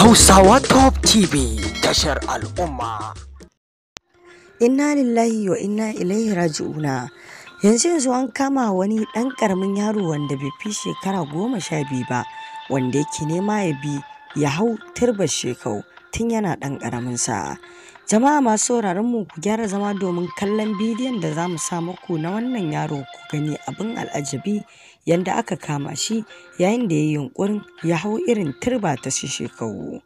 Hausawa Top TV tashar al'umma. Inna lillahi wa inna ilaihi raji'una. Yanzu yanzu an kama wani ɗan ƙaramin yaro wanda bai fi shekara goma sha biyu ba wanda yake nema ya bi ya hau turbar shekau tun yana ɗan ƙaramin sa'a. Jama'a masu sauraron mu ku gyara zama domin kallon bidiyon da za mu sa muku na wannan yaro ku gani abin al'ajabi yadda aka kama shi yayin da ya yi yunkurin ya hau irin turba ta shekaru.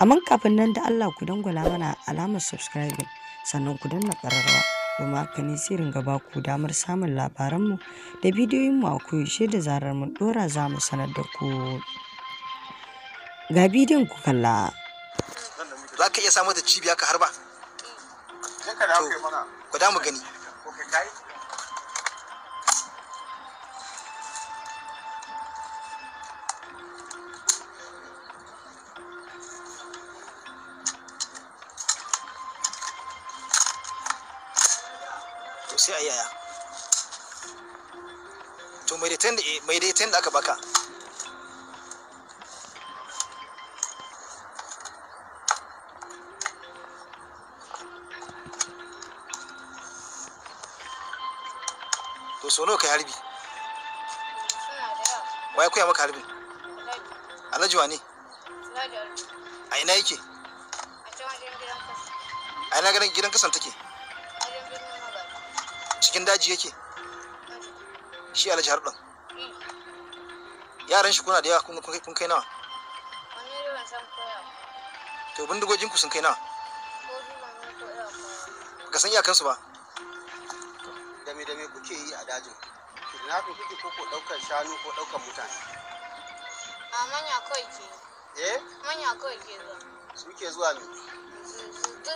Amma kafin nan da Allah ku dangwala mana alamar subscribing sannan ku danna ƙararrawa domin haka ne sai ringa ba ku damar samun labaranmu da mu a koyaushe da zarar mun ɗora za mu sanar da ku. Ga bidiyon ku kalla. Za ka iya samu da cibiya ka harba? To, ku da mu gani. sai a yaya to mai daitan eh, da aka baka to sono nawa kai harbi waye koya maka harbin alhaji wani a ina yake a ina gidan kasan take cikin daji yake shi alhaji harɗin yaran shi kuna da yawa kun kai nawa to bindigogin ku sun kai nawa ka san iyakansu ba dame dame kuke yi a dajin fi kuke ko ko daukar shanu ko daukar mutane a manya kawai ke eh manya kawai ke zuwa su ke zuwa ne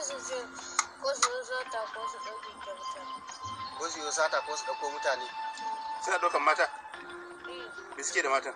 su su ko su zo ta ko su dauke mutane. ko su sata ko su ɗauko mutane suna ɗaukan mata eh. me suke da matan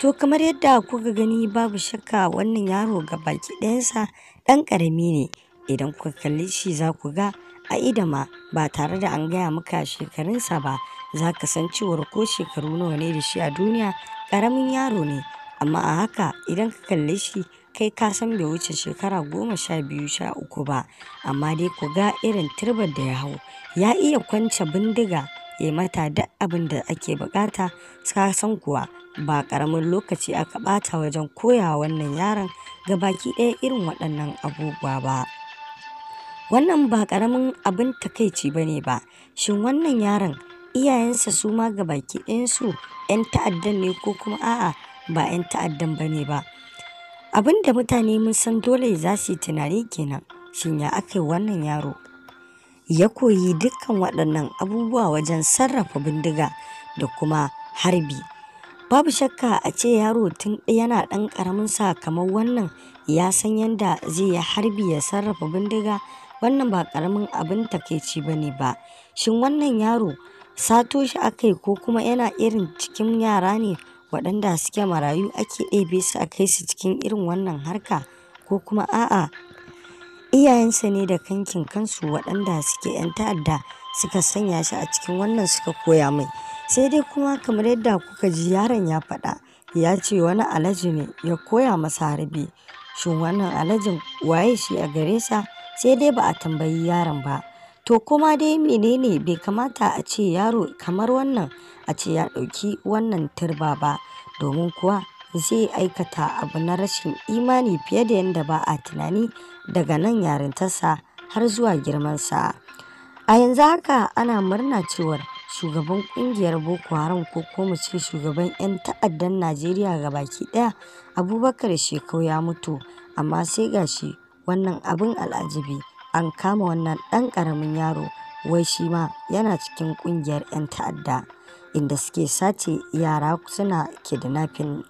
To kamar yadda kuka gani babu shakka wannan yaro ga baki ɗayansa ɗan ƙarami ne idan kuka kalli shi za ku ga a idama ba tare da an gaya maka shekarunsa ba za ka san cewar ko shekaru nawa ne da shi a duniya ƙaramin yaro ne amma a haka idan ka kalle shi kai ka san bai wuce shekara goma sha biyu sha uku ba amma dai ku ga irin turbar da ya hau ya iya kwance bindiga ya mata duk abin da ake bukata ka san kuwa ba ƙaramin lokaci aka bata wajen koyawa wannan yaron ga baki ɗaya irin waɗannan abubuwa ba. Wannan ba karamin abin takaici ba ne ba, shin wannan yaron iyayensa su ma ga baki ɗayansu 'yan ta'addan ne ko kuma a'a ba 'yan ta'addan ba ne ba. Abin da mutane mun san dole za su yi tunani kenan, shin ya aka yi wannan yaro? Ya koyi dukkan waɗannan abubuwa wajen sarrafa bindiga da kuma harbi. Babu shakka a ce yaro tun yana ɗan ƙaramin sa kamar wannan ya san yadda zai yi harbi ya sarrafa bindiga wannan ba karamin abin takaici ba ne ba shin wannan yaro sato shi aka yi ko kuma yana irin cikin yara ne waɗanda suke marayu ake ɗebe su a kai su cikin irin wannan harka ko kuma a'a iyayensa ne da kankin kansu waɗanda suke 'yan ta'adda suka sanya shi a cikin wannan suka koya mai sai dai kuma kamar yadda kuka ji yaron ya faɗa ya ce wani alaji ne ya koya masa harbi shin wannan alajin waye shi a gare sa sai dai ba a tambayi yaron ba. To kuma dai menene bai kamata a ce yaro kamar wannan a ce ya ɗauki wannan turba ba domin kuwa zai aikata abu na rashin imani fiye da yadda ba a tunani daga nan yarintarsa har zuwa girmansa. A yanzu haka ana murna cewar shugaban kungiyar Boko Haram ko kuma ce shugaban 'yan ta'addan Najeriya ga baki ɗaya Abubakar Shekau ya mutu amma sai gashi Wannan abin al'ajabi, an kama wannan ɗan karamin yaro wai shi ma yana cikin ƙungiyar 'yan ta'adda, inda suke sace yara suna kidnapping.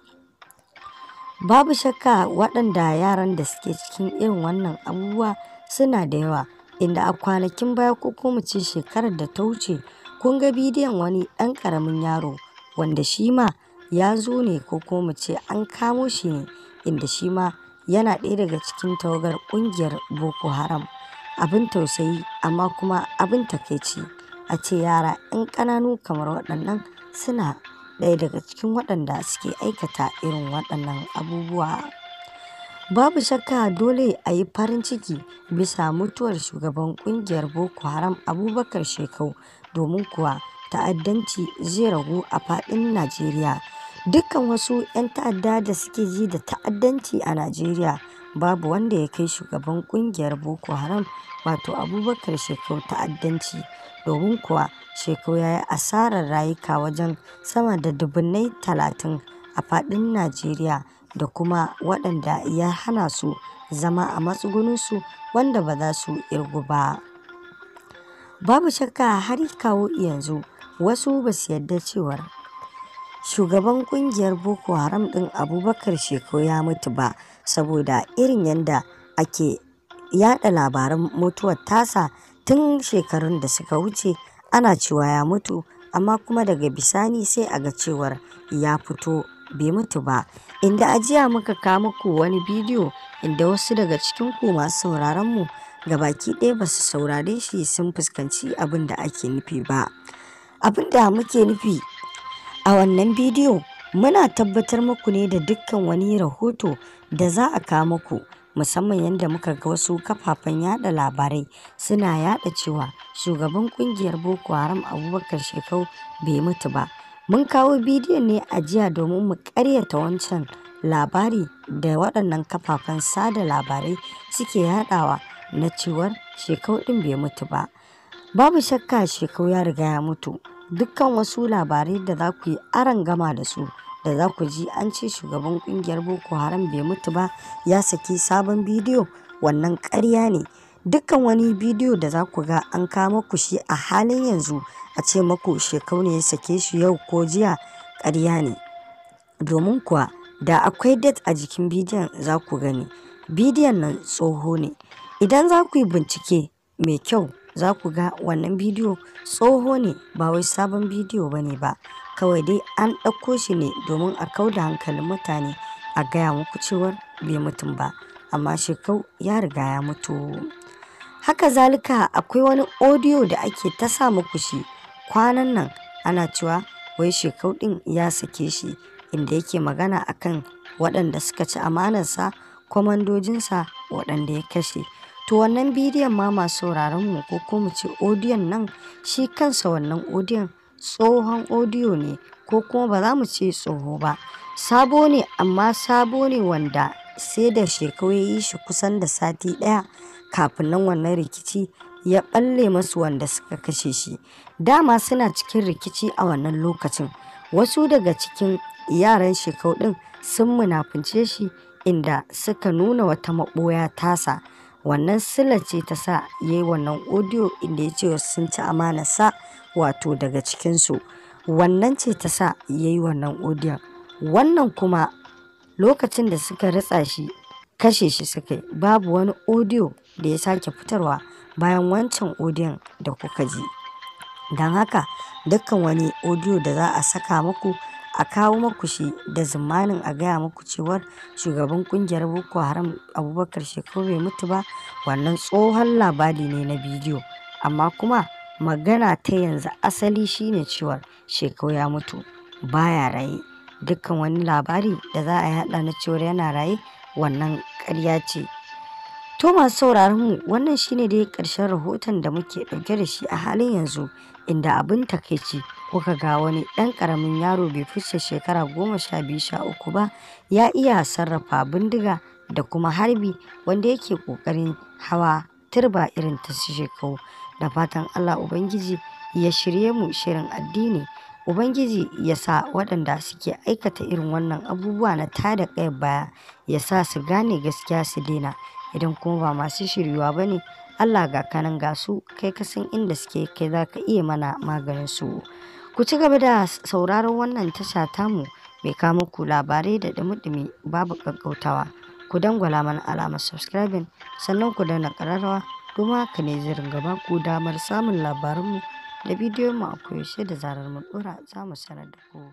Babu shakka waɗanda yaran da suke cikin irin wannan abubuwa suna da yawa, inda a kwanakin baya ko kuma ce shekarar da ta wuce, kun ga bidiyon wani ɗan ƙaramin yaro wanda shi ma ya zo ne ko kuma ce an kamo shi ne, inda shi ma yana ɗaya daga cikin tawagar ƙungiyar Boko Haram. Abin tausayi amma kuma abin takaici a ce yara 'yan ƙananu kamar waɗannan suna ɗaya daga cikin waɗanda suke aikata irin waɗannan abubuwa. Babu shakka dole a yi farin ciki bisa mutuwar shugaban ƙungiyar Boko Haram Abubakar Shekau domin kuwa ta'addanci zai ragu a faɗin Najeriya. Dukkan wasu 'yan ta'adda da suke ji da ta'addanci a Najeriya babu wanda ya kai shugaban ƙungiyar Boko Haram wato Abubakar Shekau ta'addanci, domin kuwa Shekau ya yi asarar rayuka wajen sama da dubunai talatin a fadin Najeriya da kuma waɗanda ya hana su zama a matsugunansu wanda ba za su irgu ba. Babu shakka har kawo yanzu wasu ba su yarda cewar shugaban kungiyar boko haram din abubakar shekau ya mutu ba saboda irin yadda ake yada labaran mutuwar tasa tun shekarun da suka wuce ana cewa ya mutu amma kuma daga bisani sai a ga cewar ya fito bai mutu ba inda ajiya muka kama ku wani bidiyo inda wasu daga cikin ku masu sauraron mu ga baki ɗaya ba su saurare shi sun fuskanci abin da ake nufi ba abin da muke nufi A wannan bidiyo muna tabbatar muku ne da dukkan wani rahoto da za a kawo muku musamman yadda muka ga wasu kafafen yada labarai suna yada cewa shugaban kungiyar Boko Haram Abubakar Shekau bai mutu ba. Mun kawo bidiyo ne a jiya domin mu karyata wancan labari da waɗannan kafafen sada labarai suke yadawa na cewar Shekau ɗin bai mutu ba. Babu shakka Shekau ya riga ya mutu. dukkan wasu labarai da za ku yi aron gama da su da za ku ji an ce shugaban kungiyar boko haram bai mutu ba ya saki sabon bidiyo wannan karya ne dukkan wani bidiyo da za ku ga an kama ku shi a halin yanzu a ce maku shekau ne ya sake shi yau ko jiya karya ne domin kuwa da akwai det a jikin bidiyon za ku gani bidiyon nan tsoho ne idan za ku yi bincike mai kyau za ku ga wannan bidiyo tsoho ne ba wai sabon bidiyo ba ne ba kawai dai an ɗauko shi ne domin a kau da hankalin mutane a gaya muku cewar bai mutum ba amma shekau ya riga ya mutu haka zalika akwai wani odiyo da ake ta sa muku shi kwanan nan ana cewa wai shekau ɗin ya sake shi inda yake magana akan waɗanda suka ci amanarsa kwamandojinsa waɗanda ya kashe To wannan bidiyon ma masu sauraron mu ko kuma mu ce odiyon nan shi kansa wannan odiyon tsohon odiyo ne ko kuma ba za mu ce tsoho ba. Sabo ne amma sabo ne wanda sai da shekau ya yi shi kusan da sati ɗaya kafin nan wannan rikici ya ɓalle masu wanda suka kashe shi. Dama suna cikin rikici a wannan lokacin. Wasu daga cikin yaran shekau ɗin sun munafunce shi inda suka nuna wata maboya tasa. wannan sila ce ta sa ya yi wannan audio inda ya ce sun ci amana sa wato daga cikinsu wannan ce ta sa ya yi wannan audio wannan kuma lokacin da suka ritsa shi kashe shi suka babu wani audio da ya sake fitarwa bayan wancan audio da kuka ji don haka dukkan wani audio da za a saka muku a kawo muku shi da zumanin a gaya muku cewar shugaban kungiyar boko haram abubakar shekau bai mutu ba wannan tsohon labari ne na bidiyo amma kuma magana ta yanzu asali shine cewar shekau ya mutu baya raye dukkan wani labari da za a yi hada na cewar yana raye wannan karya ce to masu sauraron mu wannan shine dai karshen rahoton da muke dauke da shi a halin yanzu inda abin takaici kuka ga wani ɗan ƙaramin yaro bai fice shekara goma sha biyu sha uku ba ya iya sarrafa bindiga da kuma harbi wanda yake ƙoƙarin hawa turba irin ta shekau da fatan allah ubangiji ya shirye mu shirin addini ubangiji ya sa waɗanda suke aikata irin wannan abubuwa na tada ƙayar baya ya sa su gane gaskiya su daina idan kuma ba masu shiryuwa ba ne allah ga kanan gasu kai kasan inda suke kai za ka iya mana maganin su Ku ci gaba da sauraron wannan tasha tamu mai kamo ku labarai da dumi-dumi babu gaggautawa Ku dangwala mana alamar subscribing sannan ku dana ƙararrawa kuma ka ne zirin gaba ku damar samun labaranmu da bidiyon mu a koyaushe da zarar mun ɗora za mu sanar da ku.